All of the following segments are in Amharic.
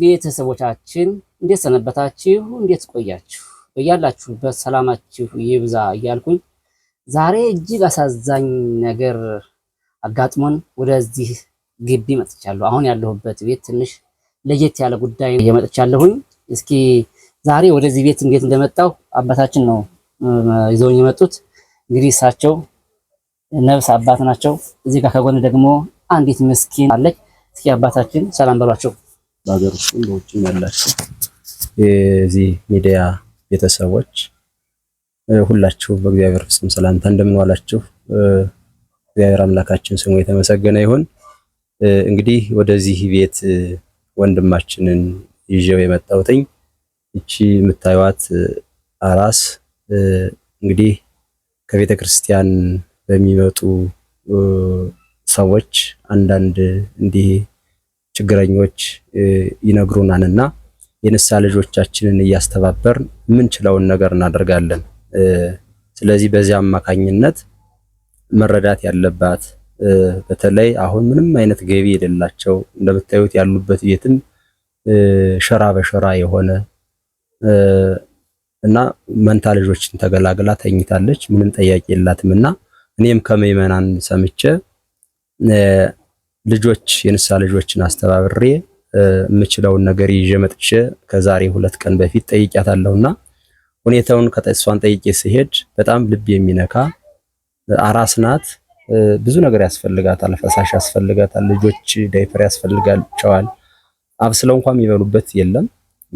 ቤተሰቦቻችን እንዴት ሰነበታችሁ? እንዴት ቆያችሁ? በያላችሁበት ሰላማችሁ ይብዛ እያልኩኝ ዛሬ እጅግ አሳዛኝ ነገር አጋጥሞን ወደዚህ ግቢ መጥቻለሁ። አሁን ያለሁበት ቤት ትንሽ ለየት ያለ ጉዳይ እየመጥቻለሁኝ። እስኪ ዛሬ ወደዚህ ቤት እንዴት እንደመጣሁ አባታችን ነው ይዘውኝ የመጡት። እንግዲህ እሳቸው ነፍስ አባት ናቸው። እዚህ ጋር ከጎን ደግሞ አንዲት ምስኪን አለች። እስኪ አባታችን ሰላም በሏቸው። በሀገር ውስጥም በውጭም ያላችሁ የዚህ ሚዲያ ቤተሰቦች ሁላችሁ በእግዚአብሔር ስም ሰላምታ እንደምን ዋላችሁ። እግዚአብሔር አምላካችን ስሙ የተመሰገነ ይሁን። እንግዲህ ወደዚህ ቤት ወንድማችንን ይዤው የመጣሁትኝ እቺ የምታዩዋት አራስ እንግዲህ ከቤተ ክርስቲያን በሚመጡ ሰዎች አንዳንድ እንዲህ ችግረኞች ይነግሩናልና የንሳ ልጆቻችንን እያስተባበር ምንችለውን ነገር እናደርጋለን። ስለዚህ በዚያ አማካኝነት መረዳት ያለባት በተለይ አሁን ምንም አይነት ገቢ የሌላቸው እንደምታዩት ያሉበት ቤትም ሸራ በሸራ የሆነ እና መንታ ልጆችን ተገላግላ ተኝታለች። ምንም ጠያቂ የላትም እና እኔም ከምዕመናን ሰምቼ ልጆች የንሳ ልጆችን አስተባብሬ የምችለውን ነገር ይዤ መጥቼ ከዛሬ ሁለት ቀን በፊት ጠይቂያታለሁና ሁኔታውን ከእሷን ጠይቄ ሲሄድ በጣም ልብ የሚነካ አራስ ናት። ብዙ ነገር ያስፈልጋታል፣ ፈሳሽ ያስፈልጋታል፣ ልጆች ዳይፐር ያስፈልጋቸዋል። አብስለው እንኳን የሚበሉበት የለም።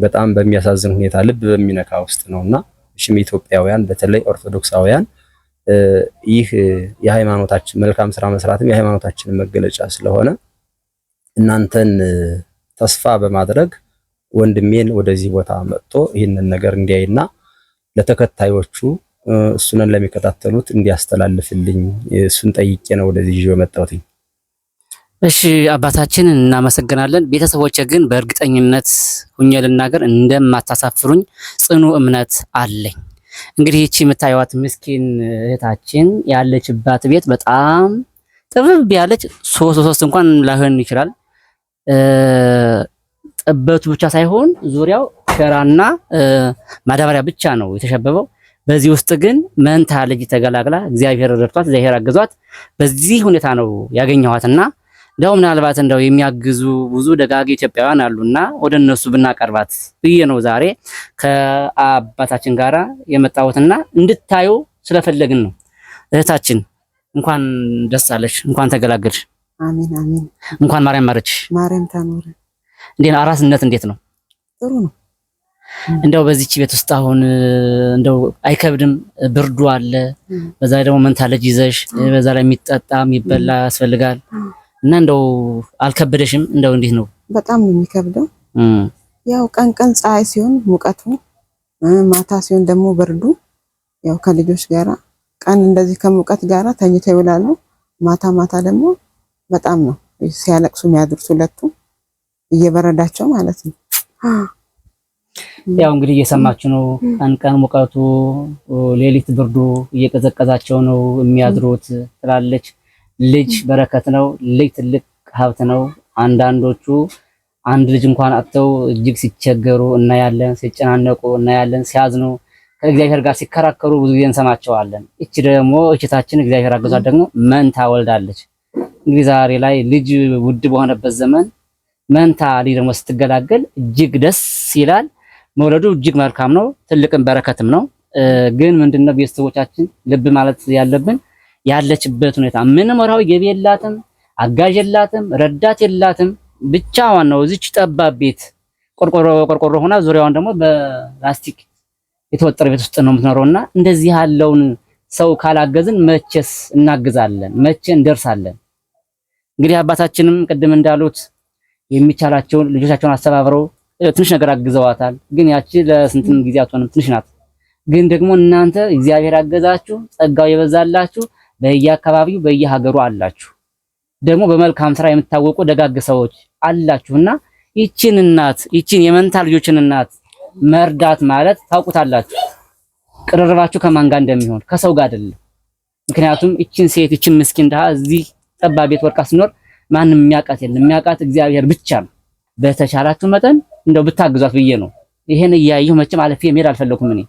በጣም በሚያሳዝን ሁኔታ ልብ በሚነካ ውስጥ ነውና ሽም ኢትዮጵያውያን በተለይ ኦርቶዶክሳውያን ይህ የሃይማኖታችን መልካም ስራ መስራትም የሃይማኖታችን መገለጫ ስለሆነ እናንተን ተስፋ በማድረግ ወንድሜን ወደዚህ ቦታ መጥቶ ይህንን ነገር እንዲያይና ለተከታዮቹ እሱንን ለሚከታተሉት እንዲያስተላልፍልኝ እሱን ጠይቄ ነው ወደዚህ ይዤ መጣሁት። እሺ አባታችንን እናመሰግናለን። ቤተሰቦች ግን በእርግጠኝነት ሁኜ ልናገር እንደማታሳፍሩኝ ጽኑ እምነት አለኝ። እንግዲህ ይቺ የምታዩዋት ምስኪን እህታችን ያለችባት ቤት በጣም ጥብብ ያለች ሶስት ሶስት እንኳን ላይሆን ይችላል። ጥበቱ ብቻ ሳይሆን ዙሪያው ሸራና ማዳበሪያ ብቻ ነው የተሸበበው። በዚህ ውስጥ ግን መንታ ልጅ ተገላግላ እግዚአብሔር ረድቷት፣ እግዚአብሔር አገዟት። በዚህ ሁኔታ ነው ያገኘኋትና እንደው ምናልባት እንደው የሚያግዙ ብዙ ደጋግ ኢትዮጵያውያን አሉና ወደ እነሱ ብናቀርባት ብዬ ነው ዛሬ ከአባታችን ጋራ የመጣሁትና እንድታዩ ስለፈለግን ነው። እህታችን እንኳን ደስ አለሽ፣ እንኳን ተገላገልሽ። አሜን አሜን። እንኳን ማርያም ማረችሽ። ማርያም ታኖር። እንዴት አራስነት እንዴት ነው? ጥሩ ነው። እንደው በዚች ቤት ውስጥ አሁን እንደው አይከብድም? ብርዱ አለ፣ በዛ ላይ ደግሞ መንታ ልጅ ይዘሽ፣ በዛ ላይ የሚጠጣ የሚበላ ያስፈልጋል። እና እንደው አልከበደሽም? እንደው እንዴት ነው? በጣም ነው የሚከብደው። ያው ቀን ቀን ፀሐይ ሲሆን ሙቀቱ፣ ማታ ሲሆን ደግሞ ብርዱ። ያው ከልጆች ጋራ ቀን እንደዚህ ከሙቀት ጋራ ተኝተው ይውላሉ። ማታ ማታ ደግሞ በጣም ነው ሲያለቅሱ የሚያድሩት ሁለቱ እየበረዳቸው ማለት ነው። ያው እንግዲህ እየሰማችሁ ነው። ቀን ቀን ሙቀቱ፣ ሌሊት ብርዱ እየቀዘቀዛቸው ነው የሚያድሩት ትላለች ልጅ በረከት ነው። ልጅ ትልቅ ሀብት ነው። አንዳንዶቹ አንድ ልጅ እንኳን አጥተው እጅግ ሲቸገሩ እናያለን፣ ሲጨናነቁ እናያለን፣ ሲያዝኑ ከእግዚአብሔር ጋር ሲከራከሩ ብዙ ጊዜ እንሰማቸዋለን። እቺ ደግሞ እችታችን እግዚአብሔር አገዟት ደግሞ መንታ ወልዳለች። እንግዲህ ዛሬ ላይ ልጅ ውድ በሆነበት ዘመን መንታ ልጅ ደግሞ ስትገላገል እጅግ ደስ ይላል። መውለዱ እጅግ መልካም ነው፣ ትልቅም በረከትም ነው። ግን ምንድነው ቤተሰቦቻችን ልብ ማለት ያለብን ያለችበት ሁኔታ ምንም ወርሃዊ ገቢ የላትም፣ አጋዥ የላትም፣ ረዳት የላትም። ብቻዋን ነው እዚች ጠባብ ቤት ቆርቆሮ ቆርቆሮ ሆና ዙሪያዋን ደግሞ በላስቲክ የተወጠረ ቤት ውስጥ ነው እና እንደዚህ ያለውን ሰው ካላገዝን መቼስ እናግዛለን? መቼ እንደርሳለን? እንግዲህ አባታችንም ቅድም እንዳሉት የሚቻላቸውን ልጆቻቸውን አስተባብረው ትንሽ ነገር አግዘዋታል። ግን ያቺ ለስንትም ጊዜ አትሆንም፣ ትንሽ ናት። ግን ደግሞ እናንተ እግዚአብሔር አገዛችሁ፣ ጸጋው የበዛላችሁ በየአካባቢው በየሀገሩ አላችሁ። ደግሞ በመልካም ስራ የምታወቁ ደጋግ ሰዎች አላችሁና ይችን እናት ይችን የመንታ ልጆችን እናት መርዳት ማለት ታውቁታላችሁ። ቅርርባችሁ ከማን ጋር እንደሚሆን ከሰው ጋር አይደለም። ምክንያቱም ይችን ሴት ይችን ምስኪን ድሃ እዚህ ጠባብ ቤት ወርቃ ስኖር ማንም የሚያውቃት የለም። የሚያውቃት እግዚአብሔር ብቻ ነው። በተቻላችሁ መጠን እንደው ብታግዟት ብዬ ነው። ይሄን እያየሁ መቼም አለፌ መሄድ አልፈለኩም። እኔ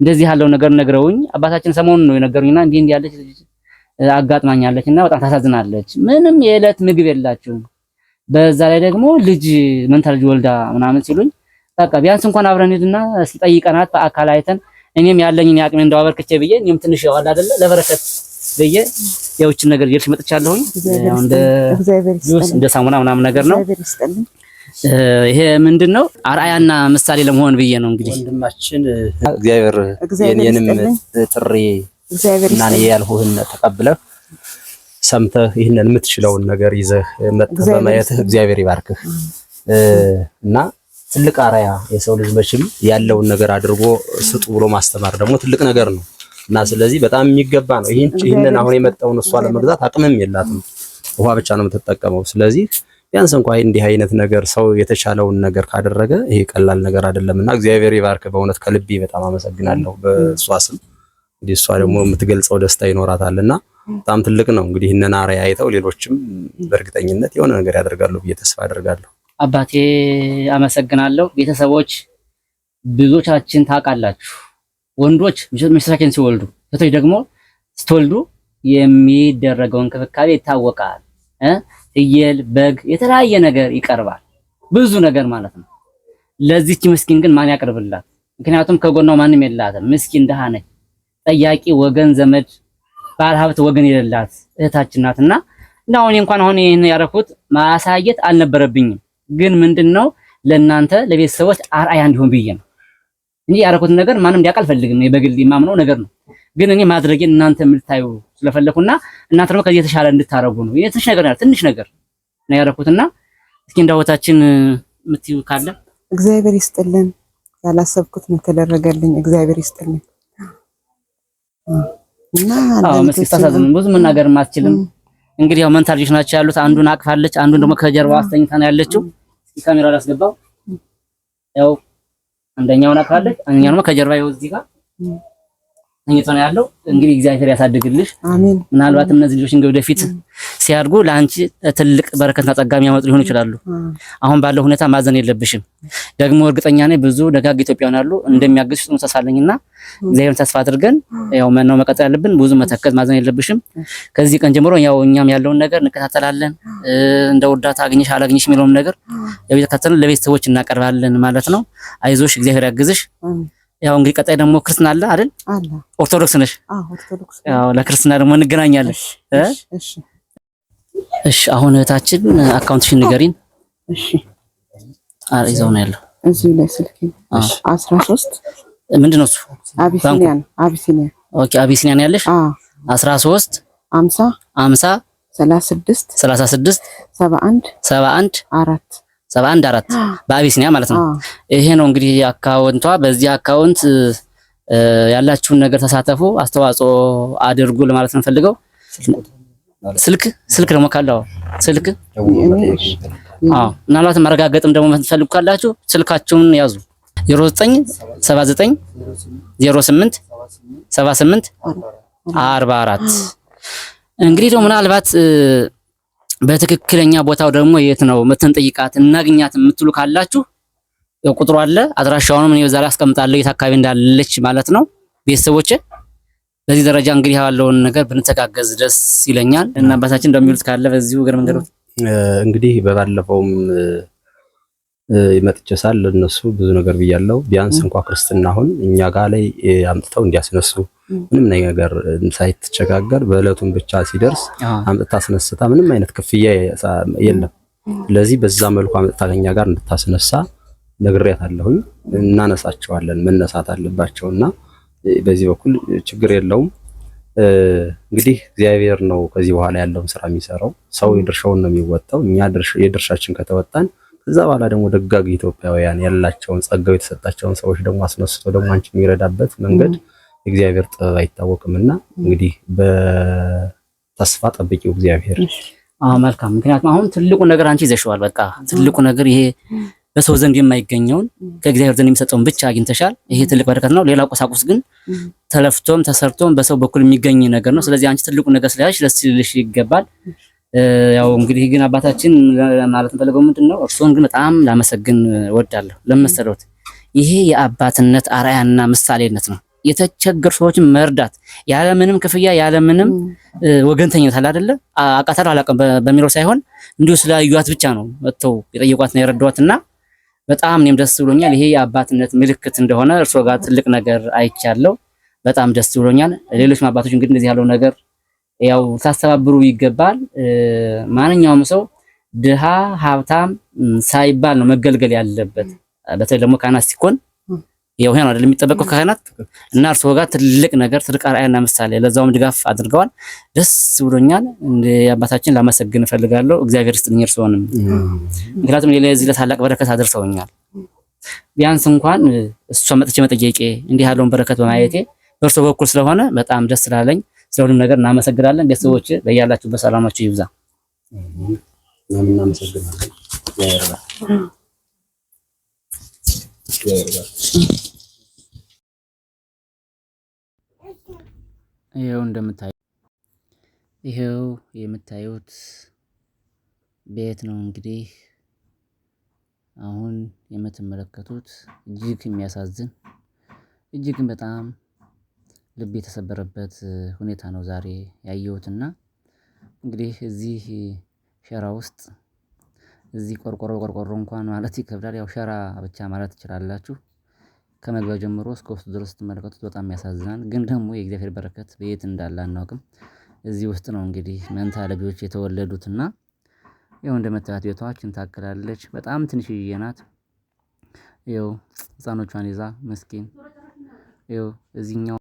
እንደዚህ ያለው ነገር ነግረውኝ አባታችን ሰሞኑን ነው የነገሩኝና እንዲህ እንዲህ ያለች አጋጥማኛለች እና በጣም ታሳዝናለች። ምንም የዕለት ምግብ የላችሁም። በዛ ላይ ደግሞ ልጅ መንታ ልጅ ወልዳ ምናምን ሲሉኝ በቃ ቢያንስ እንኳን አብረን ሂድና ስጠይቀናት በአካል አይተን እኔም ያለኝን የአቅሜን እንደዋበርክቼ ብዬ እኔም ትንሽ ያው አለ አይደለ ለበረከት ብዬ ያውችን ነገር ይልሽ መጥቻለሁኝ። እንደ ጁስ እንደ ሳሙና ምናምን ነገር ነው። ይሄ ምንድን ነው አርአያና ምሳሌ ለመሆን ብዬ ነው እንግዲህ ወንድማችን እግዚአብሔር የኔንም ጥሪ እና እኔ ያልሁህን ተቀብለህ ሰምተህ ይህንን የምትችለውን ነገር ይዘህ መጥተህ በማየትህ እግዚአብሔር ይባርክህ እና ትልቅ አራያ የሰው ልጅ መቼም ያለውን ነገር አድርጎ ስጡ ብሎ ማስተማር ደግሞ ትልቅ ነገር ነው እና ስለዚህ በጣም የሚገባ ነው። ይህንን አሁን የመጣውን እሷ ለመግዛት አቅምም የላትም፣ ውሃ ብቻ ነው የምትጠቀመው። ስለዚህ ቢያንስ እንኳ እንዲህ አይነት ነገር ሰው የተቻለውን ነገር ካደረገ ይሄ ቀላል ነገር አይደለም እና እግዚአብሔር ይባርክ። በእውነት ከልቤ በጣም አመሰግናለሁ በእሷ ስም። እንግዲህ እሷ ደግሞ የምትገልጸው ደስታ ይኖራታልና በጣም ትልቅ ነው። እንግዲህ እነና ራይ አይተው ሌሎችም በእርግጠኝነት የሆነ ነገር ያደርጋሉ ብዬ ተስፋ አደርጋለሁ። አባቴ አመሰግናለሁ። ቤተሰቦች ብዙዎቻችን ታውቃላችሁ፣ ወንዶች ሚስቶቻችን ሲወልዱ፣ ሴቶች ደግሞ ስትወልዱ የሚደረገው እንክብካቤ ይታወቃል። እየል በግ፣ የተለያየ ነገር ይቀርባል፣ ብዙ ነገር ማለት ነው። ለዚች ምስኪን ግን ማን ያቀርብላት? ምክንያቱም ከጎኗ ማንም የላትም፣ ምስኪን ድሃ ነች። ጠያቂ ወገን ዘመድ ባለሀብት ወገን የሌላት እህታችን ናትና እና አሁን እንኳን አሁን ይሄን ያደረኩት ማሳየት አልነበረብኝም፣ ግን ምንድነው ለእናንተ ለቤተሰቦች አርአያ እንዲሆን ብዬ ነው እንጂ ያደረኩት ነገር ማንም እንዲያውቅ አልፈልግም። በግል የማምነው ነገር ነው። ግን እኔ ማድረጌን እናንተ የምልታዩ ስለፈለኩና እናንተ ደግሞ ከዚህ የተሻለ እንድታረጉ ነው። ይሄ ትንሽ ነገር ነው ትንሽ ነገር ነው ያደረኩትና እስኪ እንዳወታችን የምትዩ ካለ እግዚአብሔር ይስጥልን። ያላሰብኩት ነው ተደረገልኝ። እግዚአብሔር ይስጥልን። ስታሳዝን ብዙ መናገርም አትችልም። እንግዲህ ያው መንታ ልጆች ናቸው ያሉት። አንዱን አቅፋለች፣ አንዱን ደግሞ ከጀርባ አስተኝታ ነው ያለችው። ካሜራ ላስገባው። ያው አንደኛውን አቅፋለች፣ አንደኛው ደግሞ ከጀርባ ይኸው እዚህ ጋር ተኝቶ ነው ያለው። እንግዲህ እግዚአብሔር ያሳድግልሽ። ምናልባት እነዚህ ልጆች እንግዲህ ወደፊት ሲያድጉ ለአንቺ ትልቅ በረከትና ጸጋ የሚያመጡ ሊሆኑ ይችላሉ። አሁን ባለው ሁኔታ ማዘን የለብሽም። ደግሞ እርግጠኛ ነኝ ብዙ ደጋግ ኢትዮጵያውያን አሉ እንደሚያግዙሽ ጽኑ ተስፋ አለኝና እግዚአብሔርን ተስፋ አድርገን ያው መናው መቀጠል ያለብን ብዙ መተከዝ ማዘን የለብሽም። ከዚህ ቀን ጀምሮ ያው እኛም ያለውን ነገር እንከታተላለን። እንደ እርዳታ አግኝሽ አላግኝሽ የሚለውን ነገር ለቤተሰቦች እናቀርባለን ማለት ነው። አይዞሽ፣ እግዚአብሔር ያግዝሽ። ያው እንግዲህ ቀጣይ ደግሞ ክርስትና አለ አይደል? ኦርቶዶክስ ነሽ? አዎ፣ ኦርቶዶክስ። ያው ለክርስትና ደግሞ እንገናኛለን። እሺ፣ እሺ፣ አሁን እህታችን አካውንትሽን ንገሪን። እሺ፣ ይዘው ነው ያለው እዚህ ላይ ስልክ። እሺ፣ 13 ምንድን ነው እሱ? አቢሲኒያን አቢሲኒያን። ኦኬ፣ አቢሲኒያን ያለሽ? አዎ፣ 13 50 50 36 36 71 71 4 ሰባ አንድ አራት በአቢሲኒያ ማለት ነው። ይሄ ነው እንግዲህ አካውንቷ። በዚህ አካውንት ያላችሁን ነገር ተሳተፉ፣ አስተዋጽኦ አድርጉ ለማለት ነው ፈልገው። ስልክ ስልክ ደግሞ ካለው ስልክ አዎ፣ ምናልባት ማረጋገጥም ደግሞ ፈልጉ ካላችሁ ስልካችሁን ያዙ 09 79 08 78 44 እንግዲህ ደግሞ ምናልባት በትክክለኛ ቦታው ደግሞ የት ነው የምትንጠይቃት እናግኛት የምትሉ ካላችሁ ቁጥሩ አለ፣ አድራሻውንም እኔ በዛ ላይ አስቀምጣለሁ የት አካባቢ እንዳለች ማለት ነው። ቤተሰቦቼ በዚህ ደረጃ እንግዲህ ያለውን ነገር ብንተጋገዝ ደስ ይለኛል እና አባታችን እንደሚሉት ካለ በዚሁ እግር መንገዱ እንግዲህ በባለፈውም መጥቼ ሳል እነሱ ብዙ ነገር ብያለው። ቢያንስ እንኳ ክርስትና አሁን እኛ ጋር ላይ አምጥተው እንዲያስነሱ ምንም ነገር ሳይትቸጋገር በእለቱን ብቻ ሲደርስ አምጥታ አስነስታ ምንም አይነት ክፍያ የለም። ስለዚህ በዛ መልኩ አምጥታ ከኛ ጋር እንድታስነሳ ነግሬያት አለሁኝ። እናነሳቸዋለን፣ መነሳት አለባቸውና በዚህ በኩል ችግር የለውም። እንግዲህ እግዚአብሔር ነው ከዚህ በኋላ ያለውን ስራ የሚሰራው። ሰው የድርሻውን ነው የሚወጣው። እኛ የድርሻችን ከተወጣን ከዛ በኋላ ደግሞ ደጋግ ኢትዮጵያውያን ያላቸውን ጸጋው የተሰጣቸውን ሰዎች ደግሞ አስነስቶ ደግሞ አንቺ የሚረዳበት መንገድ እግዚአብሔር ጥበብ አይታወቅምና እንግዲህ በተስፋ ጠብቂው እግዚአብሔር። መልካም። ምክንያቱም አሁን ትልቁ ነገር አንቺ ይዘሽዋል። በቃ ትልቁ ነገር ይሄ በሰው ዘንድ የማይገኘውን ከእግዚአብሔር ዘንድ የሚሰጠውን ብቻ አግኝተሻል። ይሄ ትልቅ በረከት ነው። ሌላ ቁሳቁስ ግን ተለፍቶም ተሰርቶም በሰው በኩል የሚገኝ ነገር ነው። ስለዚህ አንቺ ትልቁ ነገር ስለያዝሽ ደስ ሊልሽ ይገባል። ያው እንግዲህ ግን አባታችን ማለት እንፈልገው ምንድን ነው፣ ግን በጣም ላመሰግን እወዳለሁ። ለመሰረት ይሄ የአባትነት አርአያና ምሳሌነት ነው። የተቸገሩ ሰዎችን መርዳት ያለምንም ክፍያ ያለምንም ወገንተኝነት አለ አይደለ? አቃታለሁ አላውቅም በሚለው ሳይሆን እንዲሁ ስላዩዋት ብቻ ነው መጥተው የጠየቋት ነው በጣም እኔም ደስ ብሎኛል። ይሄ የአባትነት ምልክት እንደሆነ እርስዎ ጋር ትልቅ ነገር አይቻለሁ። በጣም ደስ ብሎኛል። ሌሎች አባቶች እንግዲህ እንደዚህ ያለው ነገር ያው ታስተባብሩ ይገባል። ማንኛውም ሰው ድሃ ሀብታም ሳይባል ነው መገልገል ያለበት። በተለይ ደግሞ ካህናት ሲኮን ያው ይሄ ነው አይደል የሚጠበቀው ካህናት እና እርስዎ ጋር ትልቅ ነገር ትልቅ አርአያና ምሳሌ፣ ለዛውም ድጋፍ አድርገዋል። ደስ ብሎኛል። እንደ አባታችን ላመሰግን እፈልጋለሁ። እግዚአብሔር ይስጥልኝ እርስዎንም፣ ምክንያቱም ሌላ የዚህ ለታላቅ በረከት አድርሰውኛል። ቢያንስ እንኳን እሷ መጥቼ መጠየቄ እንዲህ ያለውን በረከት በማየቴ በእርስዎ በኩል ስለሆነ በጣም ደስ ስላለኝ ስለሁሉም ነገር እናመሰግናለን። ቤተሰቦች በያላችሁ በሰላማችሁ ይብዛ። ይኸው እንደምታዩ ይኸው የምታዩት ቤት ነው እንግዲህ አሁን የምትመለከቱት እጅግ የሚያሳዝን እጅግን በጣም ልብ የተሰበረበት ሁኔታ ነው ዛሬ ያየሁትና እንግዲህ እዚህ ሸራ ውስጥ እዚህ ቆርቆሮ ቆርቆሮ እንኳን ማለት ይከብዳል ያው ሸራ ብቻ ማለት ትችላላችሁ። ከመግቢያው ጀምሮ እስከ ውስጥ ድረስ ስትመለከቱት በጣም ያሳዝናል ግን ደግሞ የእግዚአብሔር በረከት በየት እንዳለ አናውቅም። እዚህ ውስጥ ነው እንግዲህ መንታ ልጆች የተወለዱት እና ያው እንደምታዩት ቤቷችን ታክላለች በጣም ትንሽዬ ናት። ይኸው ህፃኖቿን ይዛ መስኪን ይኸው እዚህኛው